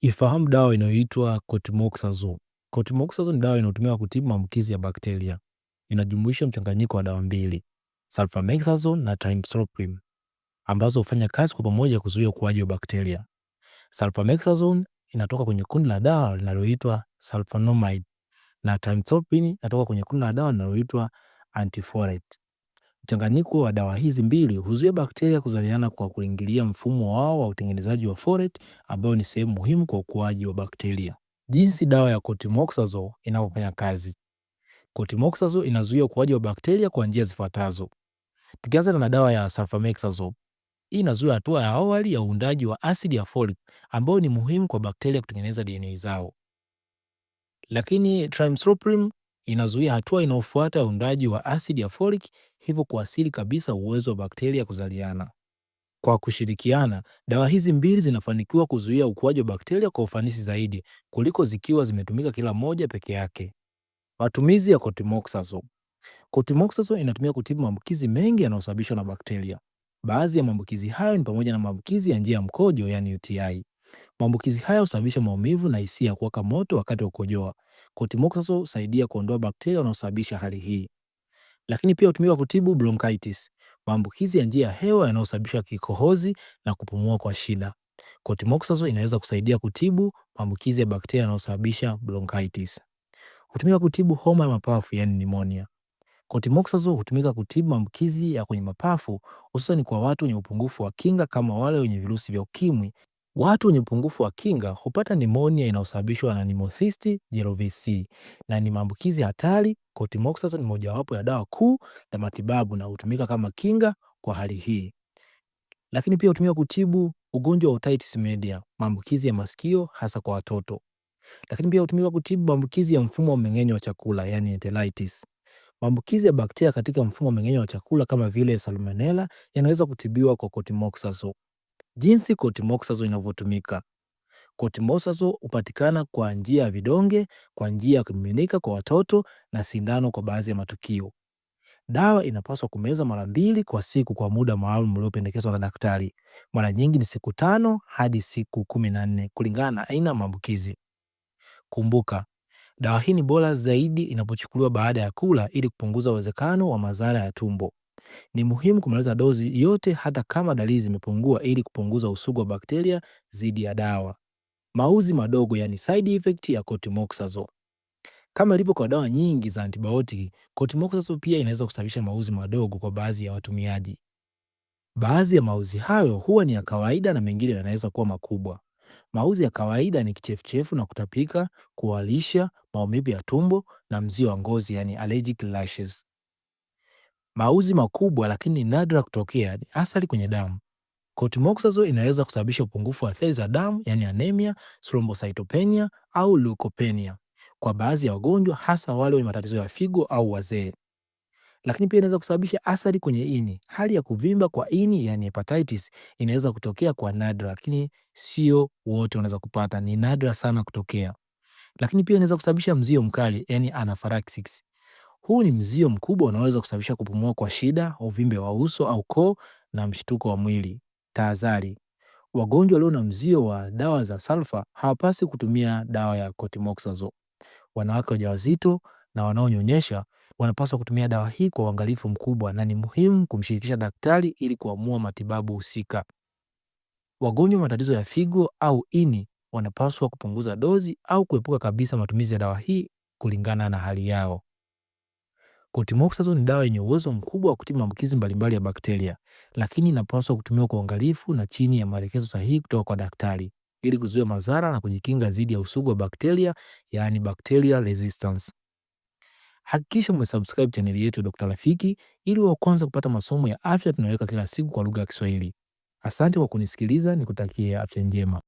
Ifahamu dawa inayoitwa Cotrimoxazole. Cotrimoxazole ni dawa inayotumiwa kutibu maambukizi ya bakteria. Inajumuisha mchanganyiko wa dawa mbili, sulfamethoxazole na trimethoprim, ambazo hufanya kazi kwa pamoja kuzuia ukuaji wa bakteria. Sulfamethoxazole inatoka kwenye kundi la dawa linaloitwa sulfonamide na trimethoprim inatoka kwenye kundi la dawa linaloitwa antifolate. Mchanganyiko wa dawa hizi mbili huzuia bakteria kuzaliana kwa kuingilia mfumo wao wa utengenezaji wa folate ambayo ni sehemu muhimu kwa ukuaji wa bakteria. Jinsi dawa ya cotrimoxazole inavyofanya kazi. Cotrimoxazole inazuia ukuaji wa bakteria kwa njia zifuatazo. Tukianza na dawa ya sulfamethoxazole, hii inazuia hatua ya awali ya uundaji wa asidi ya folic ambayo ni muhimu kwa bakteria kutengeneza DNA zao. Lakini trimethoprim inazuia hatua inayofuata ya uundaji wa asidi ya folic hivyo kuasili kabisa uwezo wa bakteria kuzaliana. Kwa kushirikiana, dawa hizi mbili zinafanikiwa kuzuia ukuaji wa bakteria kwa ufanisi zaidi kuliko zikiwa zimetumika kila moja peke yake. Matumizi ya cotrimoxazole. Cotrimoxazole inatumika kutibu maambukizi mengi yanayosababishwa na bakteria. Baadhi ya maambukizi hayo ni pamoja na maambukizi ya njia ya mkojo, yani UTI. Maambukizi haya husababisha maumivu na hisia ya kuwaka moto wakati wa kukojoa. Cotrimoxazole husaidia kuondoa bakteria wanaosababisha hali hii lakini pia hutumika kutibu bronchitis, maambukizi ya njia ya hewa yanayosababisha kikohozi na kupumua kwa shida. Cotrimoxazole inaweza kusaidia kutibu maambukizi ya bakteria yanayosababisha bronchitis. Hutumika kutibu homa ya mapafu yani pneumonia. Cotrimoxazole hutumika kutibu maambukizi ya kwenye mapafu hususani kwa watu wenye upungufu wa kinga kama wale wenye virusi vya ukimwi. Watu wenye upungufu wa kinga hupata nimonia inayosababishwa na nimosisti jerevisi na ni maambukizi hatari. Cotrimoxazole ni mojawapo ya dawa kuu za matibabu na hutumika kama kinga kwa hali hii, lakini pia hutumika kutibu ugonjwa wa otitis media, maambukizi ya masikio hasa kwa watoto, lakini pia hutumika kutibu maambukizi ya mfumo wa mmeng'enyo wa chakula yani enteritis. Maambukizi ya bakteria katika mfumo wa mmeng'enyo wa chakula kama vile salmonella yanaweza kutibiwa kwa cotrimoxazole. Jinsi cotrimoxazole inavyotumika. Cotrimoxazole hupatikana kwa njia ya vidonge, kwa njia ya kumiminika kwa watoto na sindano kwa baadhi ya matukio. Dawa inapaswa kumeza mara mbili kwa siku kwa muda maalum uliopendekezwa na daktari. Mara nyingi ni siku tano hadi siku kumi na nne kulingana na aina ya maambukizi. Kumbuka, dawa hii ni bora zaidi inapochukuliwa baada ya kula ili kupunguza uwezekano wa madhara ya tumbo. Ni muhimu kumaliza dozi yote hata kama dalili zimepungua ili kupunguza usugu wa bakteria dhidi ya dawa. Mauzi madogo, yani side effect ya cotrimoxazole. Kama ilivyo kwa dawa nyingi za antibiotiki, cotrimoxazole pia inaweza kusababisha mauzi madogo kwa baadhi ya watumiaji. Baadhi ya mauzi hayo huwa ni ya kawaida na mengine yanaweza kuwa makubwa. Mauzi ya kawaida ni kichefuchefu na kutapika, kuwalisha, maumivu ya tumbo na mzio wa ngozi, yani allergic rashes mauzi makubwa, lakini ni nadra kutokea, ni hasa kwenye damu. Cortimoxazole inaweza kusababisha upungufu wa seli za damu, yani anemia, thrombocytopenia au leukopenia kwa baadhi ya wagonjwa, hasa wale wenye matatizo ya figo au wazee. Lakini pia inaweza kusababisha athari kwenye ini. Hali ya kuvimba kwa ini, yani hepatitis, inaweza kutokea kwa nadra, lakini sio wote wanaweza kupata, ni nadra sana kutokea. Lakini pia inaweza kusababisha mzio mkali, yani anaphylaxis huu ni mzio mkubwa unaoweza kusababisha kupumua kwa shida, uvimbe wa uso au koo na mshtuko wa mwili. Tahadhari: wagonjwa walio na mzio wa dawa za salfa hawapasi kutumia dawa ya cotrimoxazole. Wanawake wajawazito na wanaonyonyesha wanapaswa kutumia dawa hii kwa uangalifu mkubwa, na ni muhimu kumshirikisha daktari ili kuamua matibabu husika. Wagonjwa matatizo ya figo au ini wanapaswa kupunguza dozi au kuepuka kabisa matumizi ya dawa hii kulingana na hali yao. Cotrimoxazole ni dawa yenye uwezo mkubwa wa kutibu maambukizi mbalimbali ya bakteria, lakini inapaswa kutumiwa kwa uangalifu na chini ya maelekezo sahihi kutoka kwa daktari ili kuzuia madhara na kujikinga dhidi ya usugu wa bakteria, yani bacterial resistance. Hakikisha umesubscribe chaneli yetu Dr. Rafiki ili wa kwanza kupata masomo ya afya tunayoweka kila siku kwa lugha ya Kiswahili. Asante kwa kunisikiliza, nikutakie afya njema.